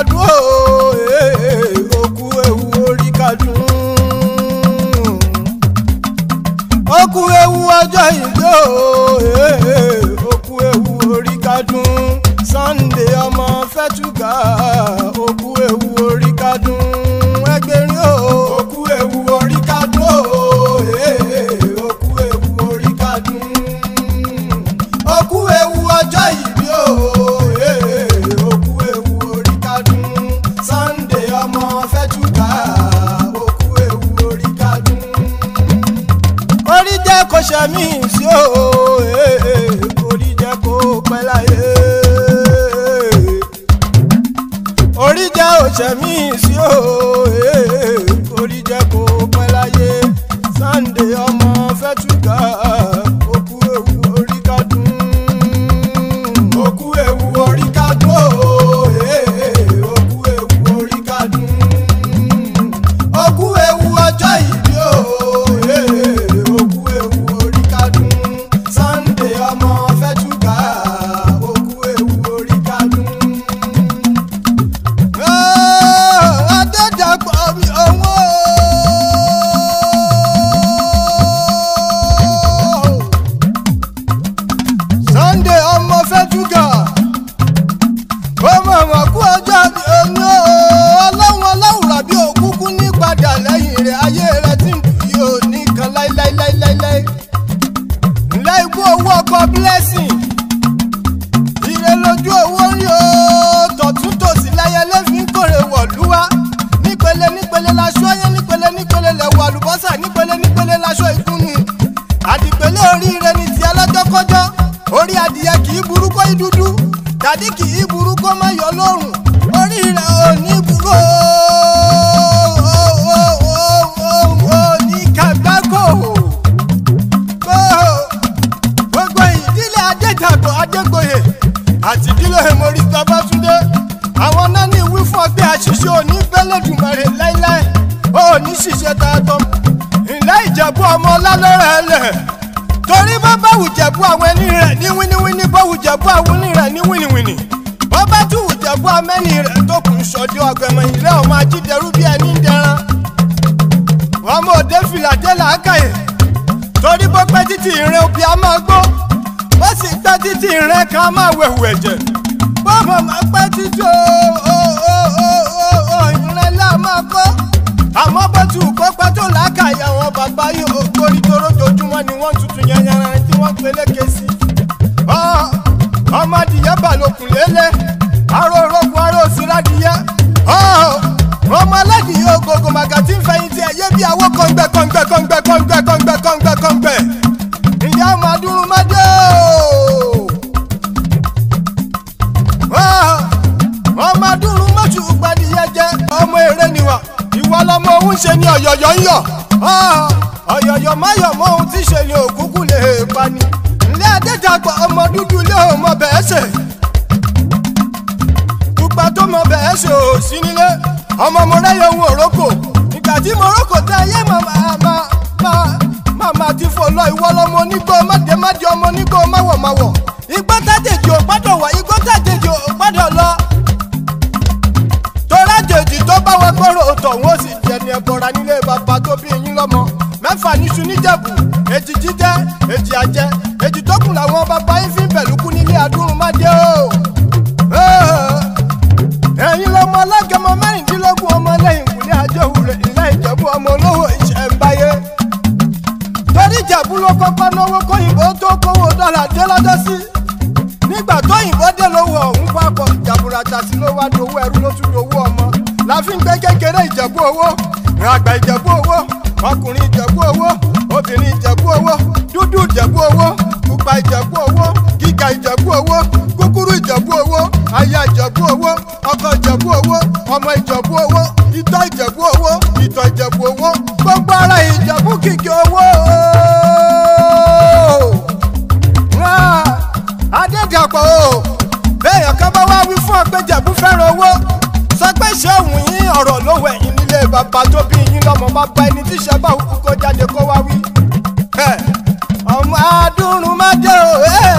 ọdún o òkú ewu orí kadùn òkú ewu ọjọ́ ìgbé o ewu orí kadùn Sunday ọmọ fẹ́tùgà oku ewu orí kadun. jẹ mí sí o eh, orí jẹ kó pẹ́ láyé orí jẹ òṣè mí sí o. Eh, aṣọ yẹn nípele nípele lẹ̀wọ̀ àlùbọ́sà nípele nípele laṣọ ìkúnni àdìpele oríire ní ti alájọ́ kọjọ́ orí adìyẹ kì í burú kó í dúdú tàbí kì í burú kó má yọ lóòrùn orí rẹ̀ ò ní burú ó ní kàgbákò gbogbo ìdílé adétàgbọ̀ adégbòye àti ìdílé mọ́rí Babátúndé àwọn náà ní ìwí fún ọ pé àṣìṣe òní bẹ́lẹ́dùmarè láíláí òní ṣiṣẹ́ tààtọ́ ìlà ìjẹ̀bú ọmọ ọlálọ́rẹ̀ ẹlẹ̀ torí bá bá wùjẹ̀bú àwọn ẹni rẹ̀ ní wíníwíní bá wùjẹ̀bú àwọn ẹni rẹ̀ ní wíníwíní bá bá tún wùjẹ̀bú amẹ́ni rẹ̀ tó kùn sọ́dí ọ̀gbẹ̀mọ̀ ìrẹ́ ọmọ ajídẹrú bí ẹni ń dẹran ọmọ òde fìlàdé làákàyè torí bó pẹ́ títí ìrìn òbí a máa gbó bó sì pẹ́ títí ìrìn kan máa wẹ̀wù ẹ̀jẹ̀ àmọ́ máa pẹ́ títí ìran ńlá máa kọ́ àmọ́ bó ti wù kó pẹ́ tó làákàyè àwọn bàbá yìí torí tóró jojúmọ́ ni wọ́n tutù yẹn yanran tí wọ́n peléke sí ọmọdìyẹ balókun lélẹ̀ aró rọ́gùn aró síládìyẹ ọmọ aládìyẹ ògògò màgà tí ń fẹ̀yìntì ẹ̀yẹ bí awọ́kọ̀ ń gbẹ ohun ṣe ni ọ̀yọ̀yọ̀ ń yọ̀ ah, ọ̀yọ̀yọ̀ máyọ̀ mọ ohun ṣe ni òkúkú lè pani ńlẹ́ adéjàgbà ọmọ dúdú lé ọmọ bẹ́ẹ̀ ṣe pupa tó ọmọ mo ohun òrókò ìgbà tí mo tẹ ayé màmá màmá ti fò lọ ìwọ lọmọ onígbó ọmọ onígbó máwọ̀máwọ̀ igbó tàjèjì ò wá igbó ò lọ tó tó bá wọn gbọ́rọ̀ mẹ́rin ẹ̀bọ̀ra nílé bàbá tó bí eyín lọ́mọ mẹ́fà níṣu níjẹ̀bù èjì jíjẹ èjì àjẹ èjì tó kù làwọn bàbá yín fi ń bẹ̀lú kú nílé àdúrùnmájẹ́ o ẹ̀yin lọ́mọ alágẹmọ mẹ́rìndínlógún ọmọ lẹ́yìn ìkúlẹ̀ àjẹwùrẹ́ ilé ìjẹ̀bú ọmọ olówó ìṣẹ̀ǹbáyé torí ìjẹ̀bú ló kọ́kọ́ náwó kóyìnbó tó kówó dọ́là dé lọ́jọ́ sí nígbà tóyìnbó dé lówó ọ̀hún papọ̀ ìjàbùràjà sí ló wá dowó ẹrú ló tún dowó ọmọ la fi ń gbé kékeré ìjẹ̀bú owó àgbà ìjẹ̀bú owó ọkùnrin ìjẹ̀bú owó obìnrin ìjẹ̀bú owó dúdú ìjẹ̀bú owó pupa ìjẹ̀bú owó gíga ìjẹ̀bú owó kúkúrú ìjẹ̀bú owó aya ìjẹ̀bú owó ọkọ ìjẹ̀bú owó ọmọ ìjẹ̀bú owó ìtọ́ ìjẹ̀bú owó ìtọ̀ ìjẹ̀bú owó gbogbo ara ìjẹ̀bú kìkì owó adédàpọ̀ o bẹ́ẹ̀ yọ̀kan bá wá wí fún ọ pé jẹ̀bú fẹ́ràn owó sọ pé ṣé òun yín ọ̀rọ̀ lówó ẹ̀yìn bàbá tó bí yín lọ́mọ bàbá ẹni tí ìṣẹ́ bá òkú kọjá lè kọ́ wá wí. ọmọ adúrún má jẹ́